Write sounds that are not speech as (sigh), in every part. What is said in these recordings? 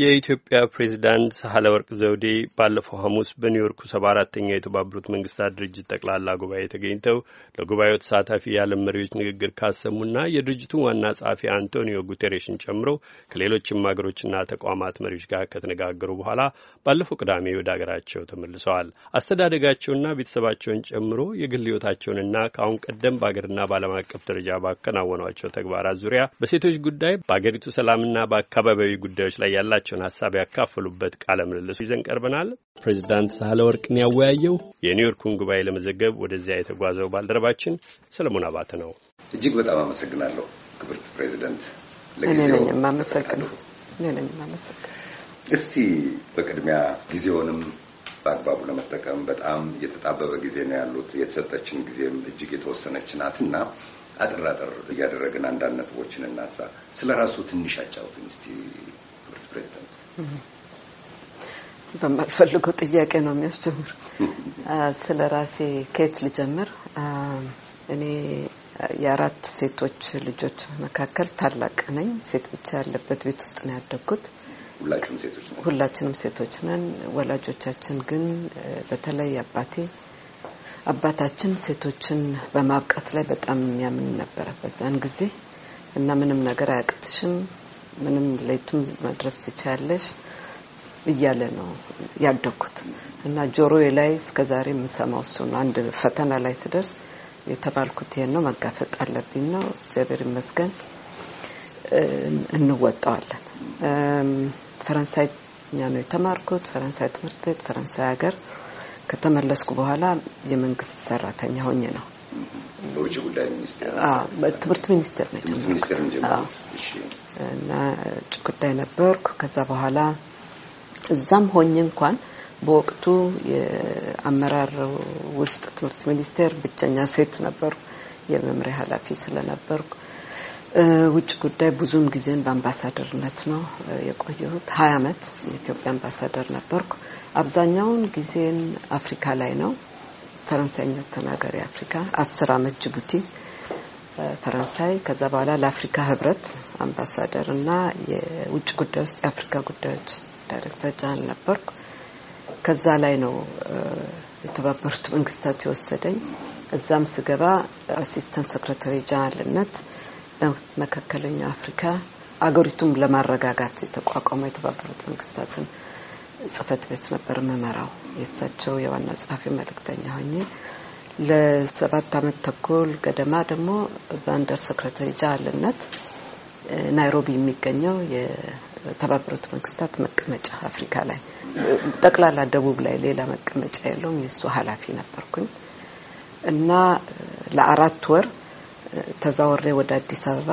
የኢትዮጵያ ፕሬዚዳንት ሳህለ ወርቅ ዘውዴ ባለፈው ሐሙስ በኒውዮርኩ ሰባ አራተኛው የተባበሩት መንግስታት ድርጅት ጠቅላላ ጉባኤ ተገኝተው ለጉባኤው ተሳታፊ የዓለም መሪዎች ንግግር ካሰሙና የድርጅቱን ዋና ጸሐፊ አንቶኒዮ ጉቴሬሽን ጨምሮ ከሌሎችም ሀገሮችና ተቋማት መሪዎች ጋር ከተነጋገሩ በኋላ ባለፈው ቅዳሜ ወደ አገራቸው ተመልሰዋል። አስተዳደጋቸውና ቤተሰባቸውን ጨምሮ የግል ሕይወታቸውንና ከአሁን ቀደም በአገርና በዓለም አቀፍ ደረጃ ባከናወኗቸው ተግባራት ዙሪያ በሴቶች ጉዳይ፣ በአገሪቱ ሰላምና በአካባቢያዊ ጉዳዮች ላይ ያላቸው ያላቸውን ሀሳብ ያካፈሉበት ቃለ ምልልሱ ይዘን ቀርበናል። ፕሬዚዳንት ሳህለ ወርቅን ያወያየው የኒውዮርኩን ጉባኤ ለመዘገብ ወደዚያ የተጓዘው ባልደረባችን ሰለሞን አባተ ነው። እጅግ በጣም አመሰግናለሁ ክብርት ፕሬዚደንት። እስቲ በቅድሚያ ጊዜውንም በአግባቡ ለመጠቀም በጣም የተጣበበ ጊዜ ነው ያሉት። የተሰጠችን ጊዜም እጅግ የተወሰነች ናት እና አጥር እያደረግን አንዳንድ ነጥቦችን እናንሳ። ስለ ራሱ ትንሽ አጫውትን እስቲ ክብርት ፕሬዚዳንት በማልፈልገው ጥያቄ ነው የሚያስጀምር ስለ ራሴ ከየት ልጀምር? እኔ የአራት ሴቶች ልጆች መካከል ታላቅ ነኝ። ሴት ብቻ ያለበት ቤት ውስጥ ነው ያደግኩት። ሁላችንም ሴቶች ነን። ወላጆቻችን ግን በተለይ አባቴ አባታችን ሴቶችን በማብቃት ላይ በጣም የሚያምን ነበረ በዛን ጊዜ እና ምንም ነገር አያቅትሽም ምንም ለይቱም መድረስ ትችያለሽ እያለ ነው ያደኩት እና ጆሮዬ ላይ እስከዛሬ የምሰማው እሱ ነው። አንድ ፈተና ላይ ስደርስ የተባልኩት ይሄን ነው መጋፈጥ አለብኝ ነው። እግዚአብሔር ይመስገን እንወጣዋለን። ፈረንሳይኛ ነው የተማርኩት። ፈረንሳይ ትምህርት ቤት ፈረንሳይ ሀገር ከተመለስኩ በኋላ የመንግስት ሰራተኛ ሆኜ ነው ጉዳይ ሚኒስቴር ትምህርት ሚኒስቴር ነው ጉዳይ ነበርኩ። ከዛ በኋላ እዛም ሆኝ እንኳን በወቅቱ የአመራር ውስጥ ትምህርት ሚኒስቴር ብቸኛ ሴት ነበርኩ። የመምሪያ ኃላፊ ስለነበርኩ ውጭ ጉዳይ ብዙም ጊዜን በአምባሳደርነት ነው የቆየሁት። ሀያ አመት የኢትዮጵያ አምባሳደር ነበርኩ። አብዛኛውን ጊዜን አፍሪካ ላይ ነው። ፈረንሳይኛ ተናጋሪ አፍሪካ፣ አስር አመት ጅቡቲ ፈረንሳይ ከዛ በኋላ ለአፍሪካ ህብረት አምባሳደር እና የውጭ ጉዳይ ውስጥ የአፍሪካ ጉዳዮች ዳይሬክተር ጃን ነበርኩ። ከዛ ላይ ነው የተባበሩት መንግስታት የወሰደኝ። እዛም ስገባ አሲስተንት ሴክሬታሪ ጀነራልነት በመካከለኛው አፍሪካ አገሪቱም ለማረጋጋት የተቋቋመ የተባበሩት መንግስታትን ጽህፈት ቤት ነበር የምመራው። የእሳቸው የዋና ጸሐፊ መልእክተኛ ሆኜ ለሰባት አመት ተኩል ገደማ ደግሞ በአንደር ሰክረተሪ ጀነራልነት ናይሮቢ የሚገኘው የተባበሩት መንግስታት መቀመጫ አፍሪካ ላይ ጠቅላላ ደቡብ ላይ ሌላ መቀመጫ የለውም። የእሱ ኃላፊ ነበርኩኝ እና ለአራት ወር ተዛወሬ ወደ አዲስ አበባ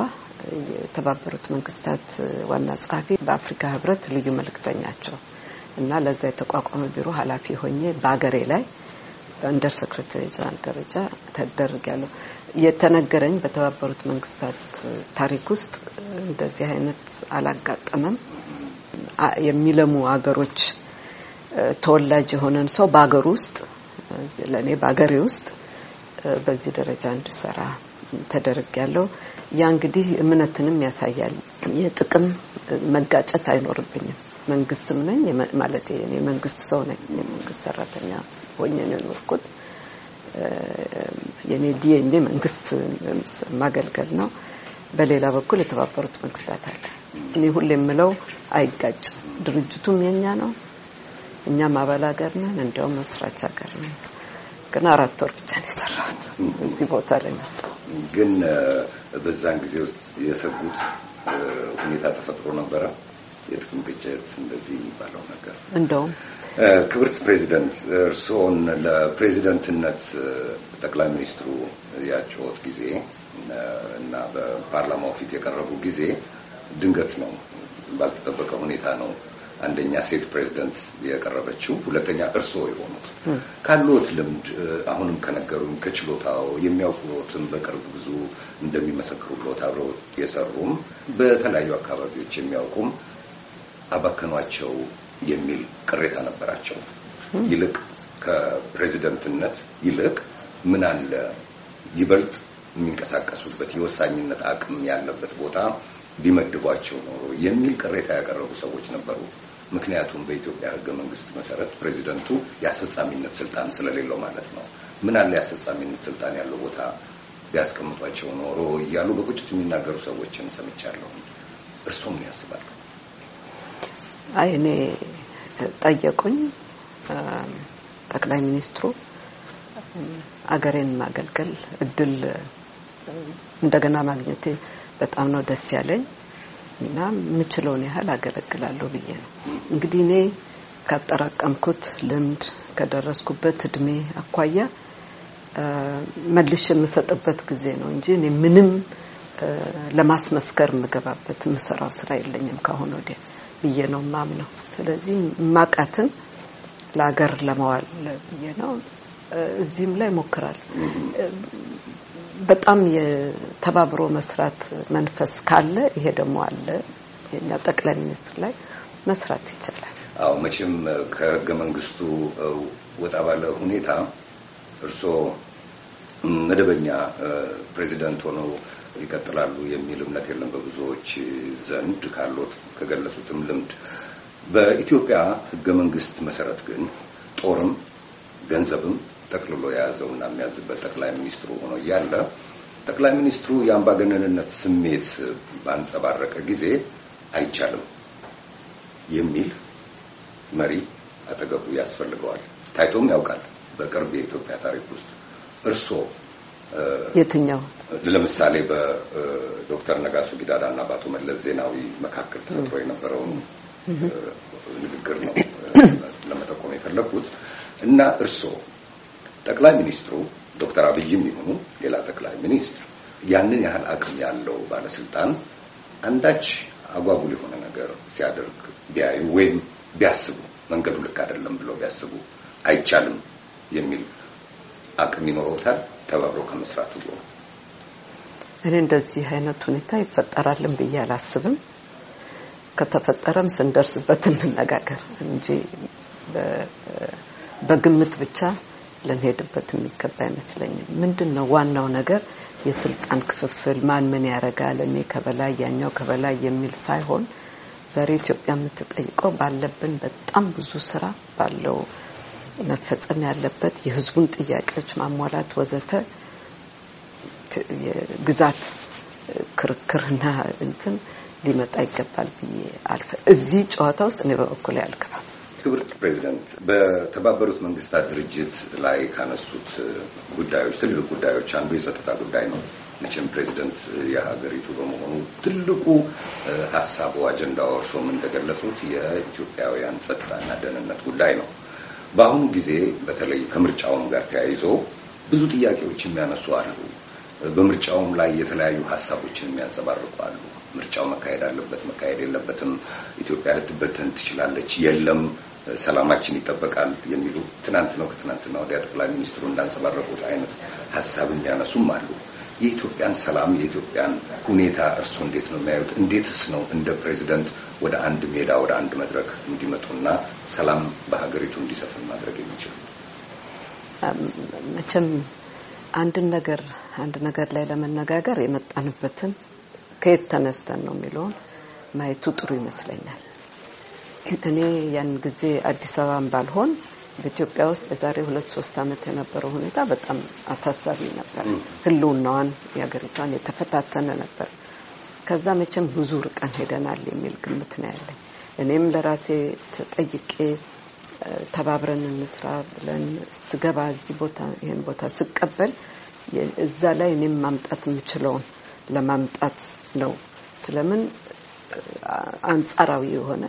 የተባበሩት መንግስታት ዋና ጻፊ በአፍሪካ ህብረት ልዩ መልእክተኛቸው እና ለዛ የተቋቋመ ቢሮ ኃላፊ ሆኜ በአገሬ ላይ አንደር ሰክሬታሪ ጀነራል ደረጃ ተደርጋለሁ። የተነገረኝ በተባበሩት መንግስታት ታሪክ ውስጥ እንደዚህ አይነት አላጋጠመም። የሚለሙ አገሮች ተወላጅ የሆነን ሰው በአገር ውስጥ ለእኔ በአገሬ ውስጥ በዚህ ደረጃ እንድሰራ ተደርግ ያለው ያ እንግዲህ እምነትንም ያሳያል። የጥቅም መጋጨት አይኖርብኝም። መንግስትም ነኝ ማለት እኔ መንግስት ሰው ነኝ፣ የመንግስት ሰራተኛ ሆኜ ነው የኖርኩት። የኔ ዲኤ መንግስት ማገልገል ነው። በሌላ በኩል የተባበሩት መንግስታት አለ። እኔ ሁሌ የምለው አይጋጭም። ድርጅቱም የኛ ነው፣ እኛም አባል ሀገር ነን፣ እንዲያውም መስራች ሀገር ነን። ግን አራት ወር ብቻ ነው የሰራሁት እዚህ ቦታ ላይ መጣሁ። ግን በዛን ጊዜ ውስጥ የሰጉት ሁኔታ ተፈጥሮ ነበረ። የጥቅም ግጭት እንደዚህ የሚባለው ነገር እንደውም ክብርት ፕሬዚደንት እርስዎን ለፕሬዚደንትነት ጠቅላይ ሚኒስትሩ ያጨወት ጊዜ እና በፓርላማው ፊት የቀረቡ ጊዜ ድንገት ነው፣ ባልተጠበቀ ሁኔታ ነው። አንደኛ ሴት ፕሬዚደንት የቀረበችው፣ ሁለተኛ እርስዎ የሆኑት ካሉት ልምድ አሁንም ከነገሩም ከችሎታው የሚያውቁትም በቅርብ ብዙ እንደሚመሰክሩ እንደሚመሰክሩሎት አብረው የሰሩም በተለያዩ አካባቢዎች የሚያውቁም አባከኗቸው የሚል ቅሬታ ነበራቸው። ይልቅ ከፕሬዚደንትነት ይልቅ ምን አለ ይበልጥ የሚንቀሳቀሱበት የወሳኝነት አቅም ያለበት ቦታ ቢመድቧቸው ኖሮ የሚል ቅሬታ ያቀረቡ ሰዎች ነበሩ። ምክንያቱም በኢትዮጵያ ሕገ መንግስት መሰረት ፕሬዚደንቱ የአስፈጻሚነት ስልጣን ስለሌለው ማለት ነው። ምን አለ የአስፈጻሚነት ስልጣን ያለው ቦታ ቢያስቀምጧቸው ኖሮ እያሉ በቁጭት የሚናገሩ ሰዎችን ሰምቻለሁ። እርስዎ ምን ያስባሉ? አይ እኔ ጠየቁኝ። ጠቅላይ ሚኒስትሩ አገሬን ማገልገል እድል እንደገና ማግኘቴ በጣም ነው ደስ ያለኝ እና የምችለውን ያህል አገለግላለሁ ብዬ ነው። እንግዲህ እኔ ካጠራቀምኩት ልምድ ከደረስኩበት እድሜ አኳያ መልሽ የምሰጥበት ጊዜ ነው እንጂ እኔ ምንም ለማስመስከር የምገባበት የምሰራው ስራ የለኝም ካሁን ወዲያ። ብዬ ነው ማምነው። ስለዚህ ማቃትን ለሀገር ለማዋል ብዬ ነው እዚህም ላይ ሞክራል። በጣም የተባብሮ መስራት መንፈስ ካለ ይሄ ደግሞ አለ። የኛ ጠቅላይ ሚኒስትር ላይ መስራት ይቻላል። አዎ መቼም ከህገ መንግስቱ ወጣ ባለ ሁኔታ እርስዎ መደበኛ ፕሬዚደንት ሆነው ይቀጥላሉ የሚል እምነት የለም በብዙዎች ዘንድ ካሉት ከገለጹትም ልምድ። በኢትዮጵያ ህገ መንግስት መሰረት ግን ጦርም ገንዘብም ጠቅልሎ የያዘውና የሚያዝበት ጠቅላይ ሚኒስትሩ ሆኖ እያለ ጠቅላይ ሚኒስትሩ የአምባገነንነት ስሜት ባንጸባረቀ ጊዜ አይቻልም የሚል መሪ አጠገቡ ያስፈልገዋል። ታይቶም ያውቃል በቅርብ የኢትዮጵያ ታሪክ ውስጥ እርስዎ የትኛው ለምሳሌ በዶክተር ነጋሶ ጊዳዳ እና በአቶ መለስ ዜናዊ መካከል ተፈጥሮ የነበረውን ንግግር ነው ለመጠቆም የፈለኩት እና እርስዎ ጠቅላይ ሚኒስትሩ ዶክተር አብይም ይሁኑ ሌላ ጠቅላይ ሚኒስትር ያንን ያህል አቅም ያለው ባለስልጣን አንዳች አጓጉል የሆነ ነገር ሲያደርግ ቢያዩ ወይም ቢያስቡ መንገዱ ልክ አይደለም ብለው ቢያስቡ አይቻልም የሚል አቅም ይኖረውታል? ተባብሮ ከመስራቱ እኔ እንደዚህ አይነት ሁኔታ ይፈጠራልን ብዬ አላስብም። ከተፈጠረም ስንደርስበት እንነጋገር እንጂ በግምት ብቻ ልንሄድበት የሚገባ አይመስለኝም። ምንድን ነው ዋናው ነገር የስልጣን ክፍፍል ማን ምን ያደርጋል፣ እኔ ከበላይ ያኛው ከበላይ የሚል ሳይሆን ዛሬ ኢትዮጵያ የምትጠይቀው ባለብን በጣም ብዙ ስራ ባለው መፈጸም ያለበት የህዝቡን ጥያቄዎች ማሟላት ወዘተ ግዛት ክርክርና እንትን ሊመጣ ይገባል ብዬ አልፈ እዚህ ጨዋታ ውስጥ እኔ በበኩል ያልገባል። ክብር ፕሬዚደንት፣ በተባበሩት መንግስታት ድርጅት ላይ ካነሱት ጉዳዮች ትልቅ ጉዳዮች አንዱ የጸጥታ ጉዳይ ነው። መቼም ፕሬዚደንት የሀገሪቱ በመሆኑ ትልቁ ሀሳቡ አጀንዳው፣ እርሶም እንደገለጹት የኢትዮጵያውያን ጸጥታና ደህንነት ጉዳይ ነው። በአሁኑ ጊዜ በተለይ ከምርጫውም ጋር ተያይዞ ብዙ ጥያቄዎች የሚያነሱ አሉ። በምርጫውም ላይ የተለያዩ ሀሳቦችን የሚያንጸባርቁ አሉ። ምርጫው መካሄድ አለበት፣ መካሄድ የለበትም፣ ኢትዮጵያ ልትበተን ትችላለች፣ የለም ሰላማችን ይጠበቃል የሚሉ ትናንት ነው ከትናንትና ወዲያ ጠቅላይ ሚኒስትሩ እንዳንጸባረቁት አይነት ሀሳብ የሚያነሱም አሉ። የኢትዮጵያን ሰላም የኢትዮጵያን ሁኔታ እርስዎ እንዴት ነው የሚያዩት? እንዴትስ ነው እንደ ፕሬዚደንት ወደ አንድ ሜዳ ወደ አንድ መድረክ እንዲመጡና ሰላም በሀገሪቱ እንዲሰፍን ማድረግ የሚችል መቼም አንድን ነገር አንድ ነገር ላይ ለመነጋገር የመጣንበትን ከየት ተነስተን ነው የሚለውን ማየቱ ጥሩ ይመስለኛል። እኔ ያን ጊዜ አዲስ አበባን ባልሆን በኢትዮጵያ ውስጥ የዛሬ ሁለት ሶስት ዓመት የነበረው ሁኔታ በጣም አሳሳቢ ነበር። ህልውናዋን የሀገሪቷን የተፈታተነ ነበር። ከዛ መቼም ብዙ ርቀን ሄደናል የሚል ግምት ነው ያለኝ። እኔም ለራሴ ተጠይቄ ተባብረን እንስራ ብለን ስገባ እዚህ ቦታ ይህን ቦታ ስቀበል እዛ ላይ እኔም ማምጣት የምችለውን ለማምጣት ነው። ስለምን አንጻራዊ የሆነ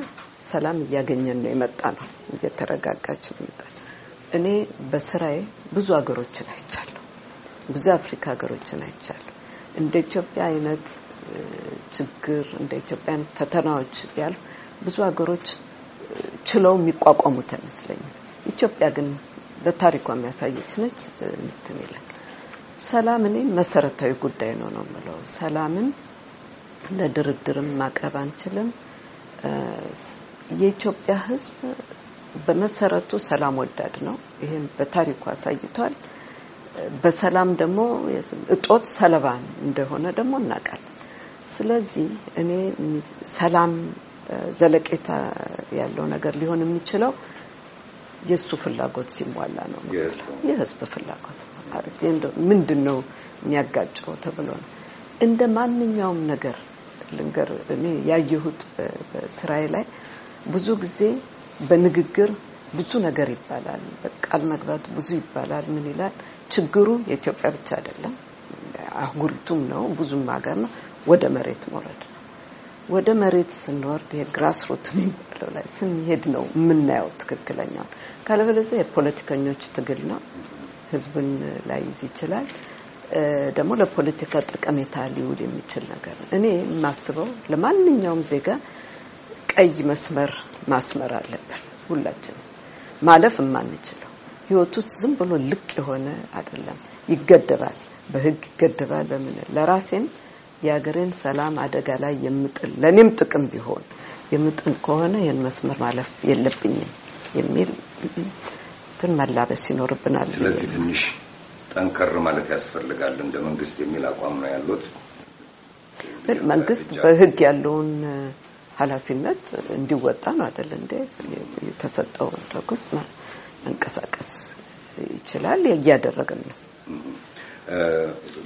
ሰላም እያገኘን ነው የመጣ ነው። እየተረጋጋች ነው ይመጣል። እኔ በስራዬ ብዙ ሀገሮችን አይቻለሁ። ብዙ አፍሪካ ሀገሮችን አይቻለሁ። እንደ ኢትዮጵያ አይነት ችግር እንደ ኢትዮጵያ አይነት ፈተናዎች ያሉ ብዙ ሀገሮች ችለው የሚቋቋሙት አይመስለኝም። ኢትዮጵያ ግን በታሪኳ የሚያሳየች ነች። እንትን ይላል ሰላም እኔ መሰረታዊ ጉዳይ ነው ነው የምለው። ሰላምን ለድርድርም ማቅረብ አንችልም። የኢትዮጵያ ሕዝብ በመሰረቱ ሰላም ወዳድ ነው። ይህም በታሪኩ አሳይቷል። በሰላም ደግሞ እጦት ሰለባ እንደሆነ ደግሞ እናውቃለን። ስለዚህ እኔ ሰላም ዘለቄታ ያለው ነገር ሊሆን የሚችለው የሱ ፍላጎት ሲሟላ ነው። የህዝብ ፍላጎት ምንድን ነው የሚያጋጨው ተብሎ ነው። እንደ ማንኛውም ነገር ልንገር፣ እኔ ያየሁት በስራዬ ላይ ብዙ ጊዜ በንግግር ብዙ ነገር ይባላል፣ በቃል መግባት ብዙ ይባላል። ምን ይላል ችግሩ የኢትዮጵያ ብቻ አይደለም፣ አህጉሪቱም ነው ብዙም ሀገር ነው። ወደ መሬት መውረድ ወደ መሬት ስንወርድ የግራስ ሩት የሚባለው ላይ ስንሄድ ነው የምናየው ትክክለኛው። ካለበለዚያ የፖለቲከኞች ትግል ነው፣ ህዝብን ላይዝ ይችላል፣ ደግሞ ለፖለቲካ ጠቀሜታ ሊውል የሚችል ነገር ነው። እኔ የማስበው ለማንኛውም ዜጋ ቀይ መስመር ማስመር አለብን ሁላችን ማለፍ የማንችለው ህይወት ውስጥ ዝም ብሎ ልቅ የሆነ አይደለም፣ ይገደባል፣ በህግ ይገደባል። በምን ለራሴም የሀገሬን ሰላም አደጋ ላይ የምጥል ለእኔም ጥቅም ቢሆን የምጥል ከሆነ ይህን መስመር ማለፍ የለብኝም የሚል እንትን መላበስ ይኖርብናል። ስለዚህ ትንሽ ጠንከር ማለት ያስፈልጋል እንደ መንግስት የሚል አቋም ነው ያሉት። መንግስት በህግ ያለውን ኃላፊነት እንዲወጣ ነው አይደል እንዴ? የተሰጠው ተኩስ መንቀሳቀስ ይችላል፣ እያደረገም ነው።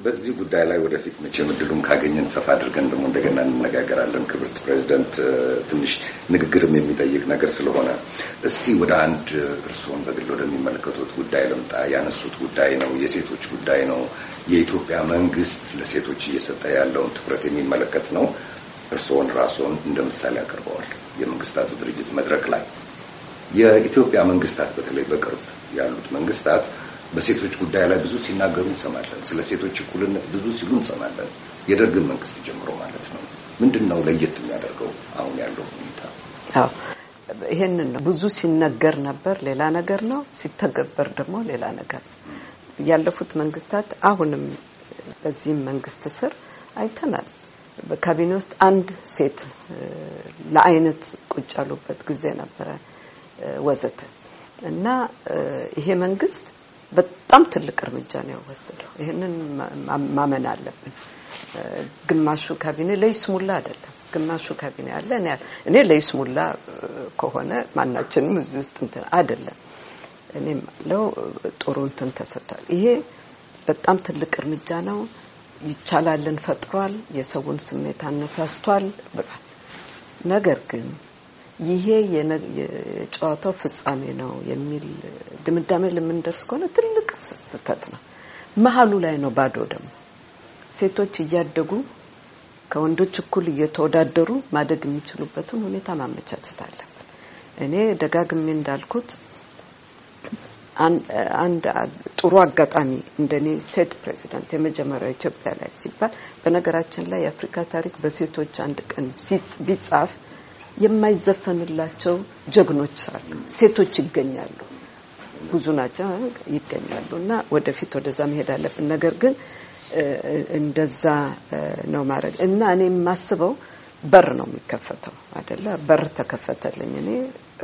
በዚህ ጉዳይ ላይ ወደፊት መቼ ምድሉን ካገኘን ሰፋ አድርገን ደግሞ እንደገና እንነጋገራለን። ክብርት ፕሬዚደንት፣ ትንሽ ንግግርም የሚጠይቅ ነገር ስለሆነ እስቲ ወደ አንድ እርስዎን በግል ወደሚመለከቱት ጉዳይ ልምጣ። ያነሱት ጉዳይ ነው፣ የሴቶች ጉዳይ ነው። የኢትዮጵያ መንግስት ለሴቶች እየሰጠ ያለውን ትኩረት የሚመለከት ነው። እርስዎን ራስዎን እንደ ምሳሌ አቅርበዋል። የመንግስታቱ ድርጅት መድረክ ላይ የኢትዮጵያ መንግስታት በተለይ በቅርብ ያሉት መንግስታት በሴቶች ጉዳይ ላይ ብዙ ሲናገሩ እንሰማለን። ስለ ሴቶች እኩልነት ብዙ ሲሉ እንሰማለን። የደርግን መንግስት ጀምሮ ማለት ነው። ምንድን ነው ለየት የሚያደርገው አሁን ያለው ሁኔታ? አዎ ይሄንን ነው። ብዙ ሲነገር ነበር፣ ሌላ ነገር ነው። ሲተገበር ደግሞ ሌላ ነገር ነው። ያለፉት መንግስታት አሁንም በዚህም መንግስት ስር አይተናል። በካቢኔ ውስጥ አንድ ሴት ለአይነት ቁጭ ያሉበት ጊዜ ነበረ ወዘተ እና ይሄ መንግስት በጣም ትልቅ እርምጃ ነው ያወሰደው። ይህንን ማመን አለብን። ግማሹ ካቢኔ ለይስሙላ አይደለም። ግማሹ ካቢኔ አለ እኔ ያለ እኔ ለይስሙላ ከሆነ ማናችንም እዚህ ውስጥ እንትን አይደለም። እኔም ለው ጥሩ እንትን ተሰጥቷል። ይሄ በጣም ትልቅ እርምጃ ነው። ይቻላልን ፈጥሯል። የሰውን ስሜት አነሳስቷል። ነገር ግን ይሄ የጨዋታው ፍጻሜ ነው የሚል ድምዳሜ ለምንደርስ ከሆነ ትልቅ ስህተት ነው። መሀሉ ላይ ነው ባዶ ደግሞ ሴቶች እያደጉ ከወንዶች እኩል እየተወዳደሩ ማደግ የሚችሉበትን ሁኔታ ማመቻቸት አለብን። እኔ ደጋግሜ እንዳልኩት አንድ ጥሩ አጋጣሚ እንደኔ ሴት ፕሬዚዳንት የመጀመሪያው ኢትዮጵያ ላይ ሲባል፣ በነገራችን ላይ የአፍሪካ ታሪክ በሴቶች አንድ ቀን ቢጻፍ የማይዘፈንላቸው ጀግኖች አሉ፣ ሴቶች ይገኛሉ፣ ብዙ ናቸው ይገኛሉ። እና ወደፊት ወደዛ መሄድ አለብን። ነገር ግን እንደዛ ነው ማድረግ እና እኔ የማስበው በር ነው የሚከፈተው አይደለ? በር ተከፈተልኝ፣ እኔ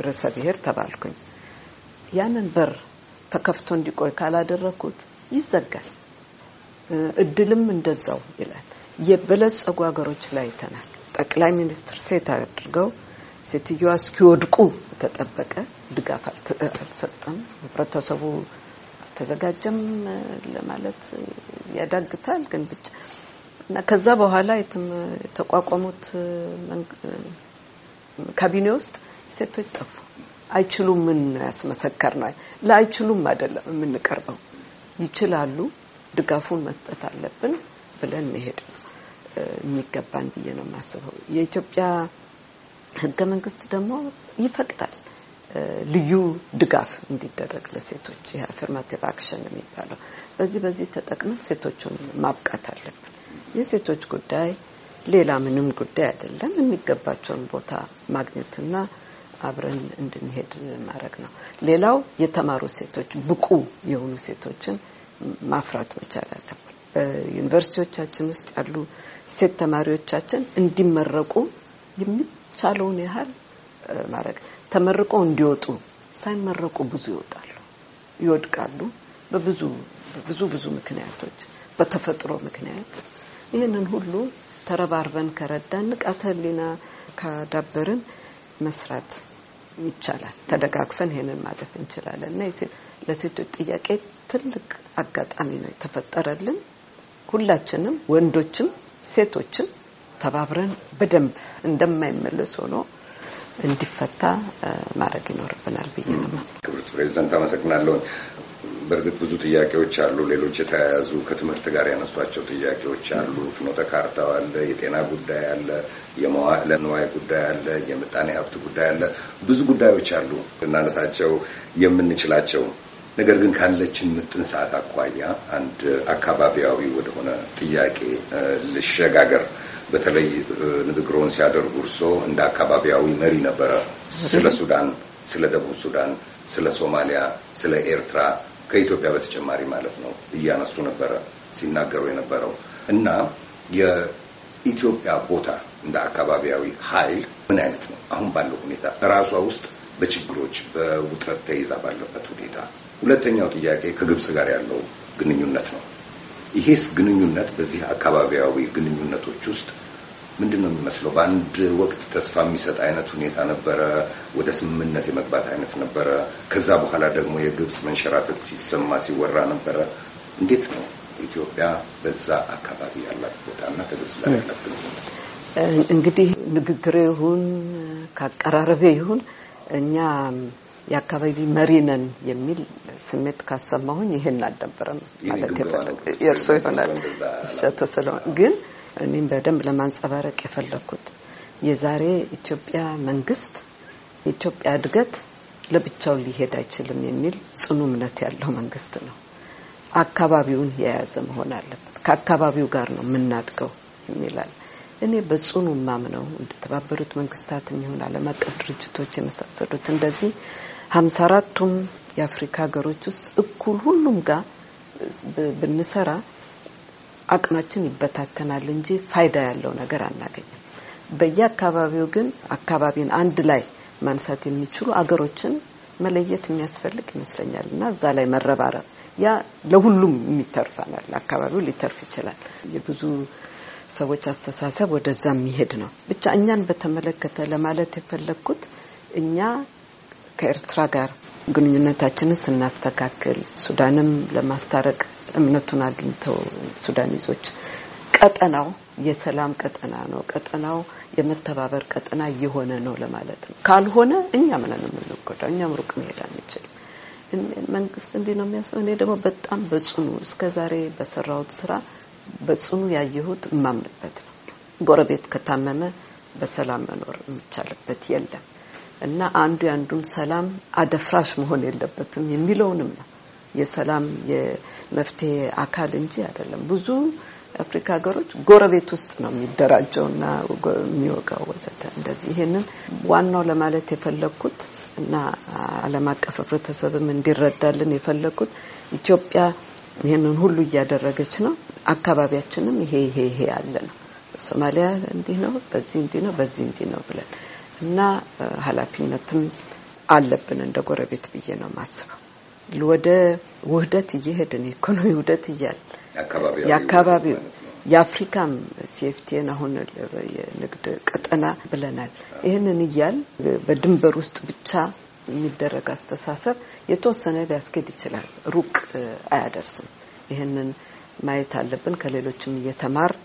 ርዕሰ ብሔር ተባልኩኝ። ያንን በር ተከፍቶ እንዲቆይ ካላደረኩት ይዘጋል። እድልም እንደዛው ይላል። የበለጸጉ ሀገሮች ላይ አይተናል። ጠቅላይ ሚኒስትር ሴት አድርገው ሴትዮዋ እስኪወድቁ ተጠበቀ። ድጋፍ አልሰጠም። ህብረተሰቡ አልተዘጋጀም ለማለት ያዳግታል። ግን ብቻ እና ከዛ በኋላ የተቋቋሙት ካቢኔ ውስጥ ሴቶች ጠፉ። አይችሉም ምን ያስመሰከር ነው? ለአይችሉም አይደለም የምንቀርበው፣ ይችላሉ፣ ድጋፉን መስጠት አለብን ብለን መሄድ የሚገባን ብዬ ነው የማስበው። የኢትዮጵያ ህገ መንግስት ደግሞ ይፈቅዳል ልዩ ድጋፍ እንዲደረግ ለሴቶች ይሄ አፍርማቲቭ አክሽን የሚባለው በዚህ በዚህ ተጠቅመን ሴቶቹን ማብቃት አለብን። የሴቶች ጉዳይ ሌላ ምንም ጉዳይ አይደለም። የሚገባቸውን ቦታ ማግኘትና አብረን እንድንሄድ ማድረግ ነው። ሌላው የተማሩ ሴቶች ብቁ የሆኑ ሴቶችን ማፍራት መቻል አለብን። በዩኒቨርሲቲዎቻችን ውስጥ ያሉ ሴት ተማሪዎቻችን እንዲመረቁ የሚቻለውን ያህል ማድረግ ተመርቆ እንዲወጡ ሳይመረቁ ብዙ ይወጣሉ፣ ይወድቃሉ። በብዙ ብዙ ብዙ ምክንያቶች በተፈጥሮ ምክንያት ይህንን ሁሉ ተረባርበን ከረዳን ንቃተ ህሊና ካዳበርን መስራት ይቻላል። ተደጋግፈን ይህንን ማለፍ እንችላለን እና ለሴቶች ጥያቄ ትልቅ አጋጣሚ ነው የተፈጠረልን። ሁላችንም ወንዶችም ሴቶችን ተባብረን በደንብ እንደማይመለስ ሆኖ እንዲፈታ ማድረግ ይኖርብናል ብዬ ነው። ክብርት ፕሬዚደንት አመሰግናለሁ። በእርግጥ ብዙ ጥያቄዎች አሉ። ሌሎች የተያያዙ ከትምህርት ጋር ያነሷቸው ጥያቄዎች አሉ። ፍኖተ ካርታው አለ፣ የጤና ጉዳይ አለ፣ የመዋዕለ ንዋይ ጉዳይ አለ፣ የምጣኔ ሀብት ጉዳይ አለ። ብዙ ጉዳዮች አሉ እናነሳቸው የምንችላቸው ነገር ግን ካለችን ምጥን ሰዓት አኳያ አንድ አካባቢያዊ ወደሆነ ጥያቄ ልሸጋገር። በተለይ ንግግሮን ሲያደርጉ እርሶ እንደ አካባቢያዊ መሪ ነበረ ስለ ሱዳን፣ ስለ ደቡብ ሱዳን፣ ስለ ሶማሊያ፣ ስለ ኤርትራ ከኢትዮጵያ በተጨማሪ ማለት ነው እያነሱ ነበረ ሲናገሩ የነበረው እና የኢትዮጵያ ቦታ እንደ አካባቢያዊ ኃይል ምን አይነት ነው? አሁን ባለው ሁኔታ እራሷ ውስጥ በችግሮች በውጥረት ተይዛ ባለበት ሁኔታ ሁለተኛው ጥያቄ ከግብጽ ጋር ያለው ግንኙነት ነው። ይሄስ ግንኙነት በዚህ አካባቢያዊ ግንኙነቶች ውስጥ ምንድን ነው የሚመስለው? በአንድ ወቅት ተስፋ የሚሰጥ አይነት ሁኔታ ነበረ። ወደ ስምምነት የመግባት አይነት ነበረ። ከዛ በኋላ ደግሞ የግብጽ መንሸራተት ሲሰማ ሲወራ ነበረ። እንዴት ነው ኢትዮጵያ በዛ አካባቢ ያላት ቦታና ከግብጽ ጋር ያላት ግንኙነት? እንግዲህ ንግግሬ ይሁን ከአቀራረቤ ይሁን እኛ የአካባቢ መሪ ነን የሚል ስሜት ካሰማሁኝ ይሄን አልነበረም ማለት የፈለግ የእርሶ ይሆናል ሸቶ ስለሆነ ግን እኔም በደንብ ለማንጸባረቅ የፈለግኩት የዛሬ ኢትዮጵያ መንግስት የኢትዮጵያ እድገት ለብቻው ሊሄድ አይችልም የሚል ጽኑ እምነት ያለው መንግስት ነው። አካባቢውን የያዘ መሆን አለበት። ከአካባቢው ጋር ነው የምናድገው የሚላል እኔ በጽኑ ማምነው እንደተባበሩት መንግስታት የሚሆን ዓለም አቀፍ ድርጅቶች የመሳሰሉት እንደዚህ ሀምሳ አራቱም የአፍሪካ ሀገሮች ውስጥ እኩል ሁሉም ጋር ብንሰራ አቅማችን ይበታተናል እንጂ ፋይዳ ያለው ነገር አናገኝም። በየአካባቢው ግን አካባቢን አንድ ላይ ማንሳት የሚችሉ አገሮችን መለየት የሚያስፈልግ ይመስለኛል እና እዛ ላይ መረባረብ ያ ለሁሉም የሚተርፈናል። አካባቢው ሊተርፍ ይችላል። የብዙ ሰዎች አስተሳሰብ ወደዛ የሚሄድ ነው። ብቻ እኛን በተመለከተ ለማለት የፈለግኩት እኛ ከኤርትራ ጋር ግንኙነታችንን ስናስተካክል ሱዳንም ለማስታረቅ እምነቱን አግኝተው ሱዳኒዞች ቀጠናው የሰላም ቀጠና ነው፣ ቀጠናው የመተባበር ቀጠና እየሆነ ነው ለማለት ነው። ካልሆነ እኛ ምንን የምንጎዳው እኛም ሩቅ መሄድ አንችል። መንግስት እንዲህ ነው የሚያስ እኔ ደግሞ በጣም በጽኑ እስከዛሬ በሰራሁት ስራ በጽኑ ያየሁት እማምንበት ነው። ጎረቤት ከታመመ በሰላም መኖር የሚቻልበት የለም። እና አንዱ የአንዱን ሰላም አደፍራሽ መሆን የለበትም የሚለውንም ነው የሰላም የመፍትሄ አካል እንጂ አይደለም። ብዙ አፍሪካ ሀገሮች ጎረቤት ውስጥ ነው የሚደራጀውና የሚወጋው ወዘተ እንደዚህ። ይሄንን ዋናው ለማለት የፈለግኩት እና ዓለም አቀፍ ህብረተሰብም እንዲረዳልን የፈለግኩት ኢትዮጵያ ይህንን ሁሉ እያደረገች ነው። አካባቢያችንም ይሄ ይሄ ይሄ ያለ ነው። ሶማሊያ እንዲህ ነው፣ በዚህ እንዲህ ነው፣ በዚህ እንዲህ ነው ብለን እና ኃላፊነትም አለብን እንደ ጎረቤት ብዬ ነው የማስበው። ወደ ውህደት እየሄድን የኢኮኖሚ ውህደት እያል የአካባቢው የአፍሪካም ሴፍቲን አሁን የንግድ ቀጠና ብለናል። ይህንን እያል በድንበር ውስጥ ብቻ የሚደረግ አስተሳሰብ የተወሰነ ሊያስኬድ ይችላል፣ ሩቅ አያደርስም። ይህንን ማየት አለብን። ከሌሎችም እየተማርን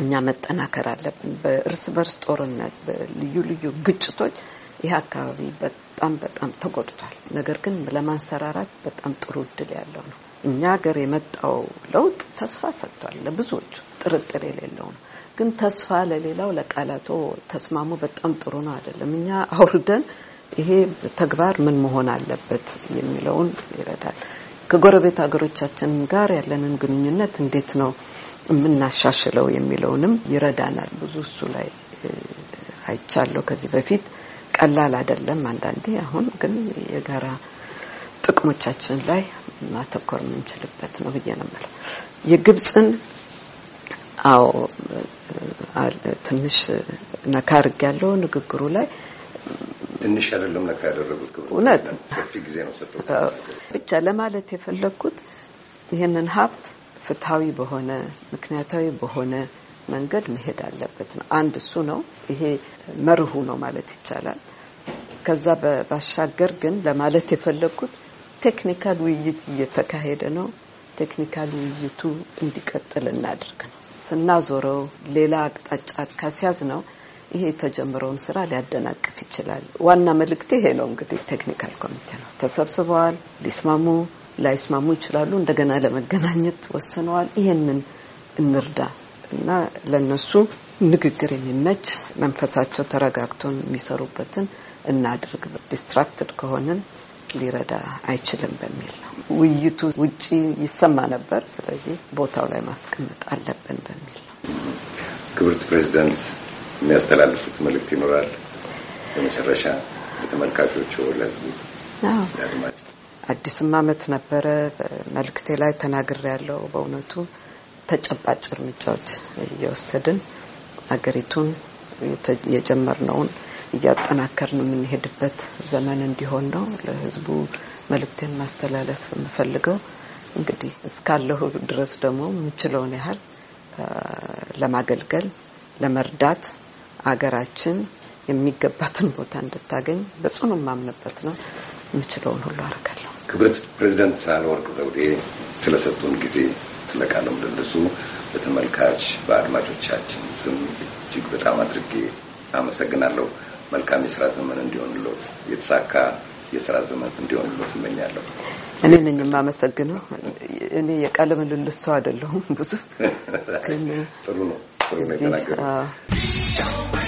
እኛ መጠናከር አለብን። በእርስ በርስ ጦርነት፣ በልዩ ልዩ ግጭቶች ይህ አካባቢ በጣም በጣም ተጎድቷል። ነገር ግን ለማንሰራራት በጣም ጥሩ እድል ያለው ነው። እኛ ሀገር የመጣው ለውጥ ተስፋ ሰጥቷል። ለብዙዎቹ ጥርጥር የሌለው ነው። ግን ተስፋ ለሌላው ለቃላቶ ተስማሙ በጣም ጥሩ ነው አይደለም። እኛ አውርደን ይሄ ተግባር ምን መሆን አለበት የሚለውን ይረዳል። ከጎረቤት ሀገሮቻችን ጋር ያለንን ግንኙነት እንዴት ነው የምናሻሽለው የሚለውንም ይረዳናል። ብዙ እሱ ላይ አይቻለሁ ከዚህ በፊት ቀላል አይደለም። አንዳንዴ አሁን ግን የጋራ ጥቅሞቻችን ላይ ማተኮር የምንችልበት ነው ብዬ ነው የምለው። የግብፅን አዎ ትንሽ ነካ አድርግ ያለው ንግግሩ ላይ ትንሽ አይደለም ነካ ያደረጉት ክብሩ እውነት ጊዜ ነው ሰጥተው ብቻ ለማለት የፈለግኩት ይህንን ሀብት ፍትሐዊ በሆነ ምክንያታዊ በሆነ መንገድ መሄድ አለበት ነው። አንድ እሱ ነው። ይሄ መርሁ ነው ማለት ይቻላል። ከዛ ባሻገር ግን ለማለት የፈለግኩት ቴክኒካል ውይይት እየተካሄደ ነው። ቴክኒካል ውይይቱ እንዲቀጥል እናድርግ ነው። ስናዞረው ሌላ አቅጣጫ ካሲያዝ ነው ይሄ የተጀመረውን ስራ ሊያደናቅፍ ይችላል። ዋና መልእክቴ ይሄ ነው። እንግዲህ ቴክኒካል ኮሚቴ ነው ተሰብስበዋል። ሊስማሙ ላይስማሙ ይችላሉ። እንደገና ለመገናኘት ወስነዋል። ይሄንን እንርዳ እና ለነሱ ንግግር የሚመች መንፈሳቸው ተረጋግቶን የሚሰሩበትን እናድርግ። ዲስትራክትድ ከሆንን ሊረዳ አይችልም በሚል ነው። ውይይቱ ውጪ ይሰማ ነበር። ስለዚህ ቦታው ላይ ማስቀመጥ አለብን በሚል ነው። ክብርት ፕሬዚደንት የሚያስተላልፉት መልእክት ይኖራል? በመጨረሻ ለተመልካቾቹ፣ ለህዝቡ፣ ለአድማጭ አዲስም አመት ነበረ። መልክቴ ላይ ተናግሬ ያለው በእውነቱ ተጨባጭ እርምጃዎች እየወሰድን ሀገሪቱን የጀመርነውን እያጠናከርን የምንሄድበት ዘመን እንዲሆን ነው ለህዝቡ መልእክቴን ማስተላለፍ የምፈልገው። እንግዲህ እስካለሁ ድረስ ደግሞ የምችለውን ያህል ለማገልገል፣ ለመርዳት አገራችን የሚገባትን ቦታ እንድታገኝ በጽኑ ማምንበት ነው። የምችለውን ሁሉ አደርጋለሁ። ክብርት ፕሬዚደንት ሳህለወርቅ ዘውዴ ስለሰጡን ጊዜ ስለ ቃለ ምልልሱ በተመልካች በአድማጮቻችን ስም እጅግ በጣም አድርጌ አመሰግናለሁ። መልካም የስራ ዘመን እንዲሆንሎት፣ የተሳካ የስራ ዘመን እንዲሆንሎት እመኛለሁ። እኔ ነኝ የማመሰግነው። እኔ የቃለ ምልልስ ሰው አይደለሁም ብዙ (laughs) ጥሩ ነው ጥሩ ነው የተናገሩ